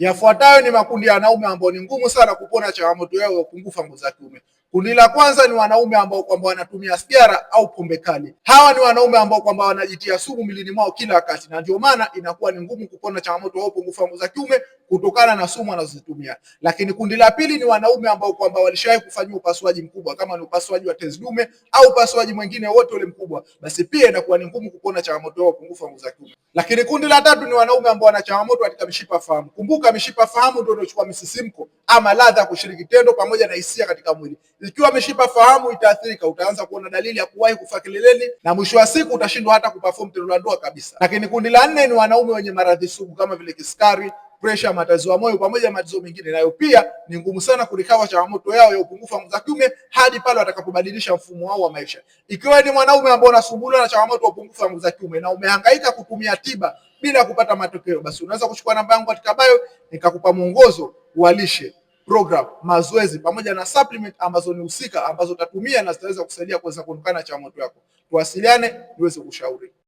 Yafuatayo ni makundi ya wanaume ambao ni ngumu sana kupona changamoto yao ya upungufu wa nguvu za kiume. Kundi la kwanza ni wanaume ambao kwamba wanatumia sigara au pombe kali. Hawa ni wanaume ambao kwamba wanajitia sumu milini mwao kila wakati, na ndio maana inakuwa ni ngumu kupona changamoto yao upungufu wa nguvu za kiume kutokana na sumu wanazozitumia. Lakini kundi la pili ni wanaume ambao kwamba walishawahi kufanyiwa upasuaji mkubwa, kama ni upasuaji wa tezi dume au upasuaji mwingine wote ule mkubwa, basi pia inakuwa ni ngumu kupona changamoto yao upungufu wa nguvu za kiume. Lakini kundi la tatu ni wanaume ambao wana changamoto katika mshipa fahamu. Kumbuka Kumbuka, mishipa fahamu ndio inachukua msisimko ama ladha ya kushiriki tendo pamoja na hisia katika mwili. Ikiwa mishipa fahamu itaathirika, utaanza kuona dalili ya kuwahi kufa kileleni na mwisho wa siku utashindwa hata kuperform tendo la ndoa kabisa. Lakini kundi la nne ni wanaume wenye maradhi sugu kama vile kisukari presha, matatizo ya moyo pamoja na matatizo mengine, nayo pia ni ngumu sana kurikawa changamoto yao ya upungufu wa nguvu za kiume hadi pale watakapobadilisha mfumo wao wa maisha. Ikiwa ni mwanaume ambaye unasumbuliwa na changamoto ya upungufu wa nguvu za kiume na umehangaika kutumia tiba bila kupata matokeo, basi unaweza kuchukua namba yangu katika bio nikakupa mwongozo walishe program, mazoezi pamoja na supplement ambazo ni husika ambazo utatumia na zitaweza kusaidia kuweza kuondokana na changamoto yako. Tuwasiliane niweze kushauri.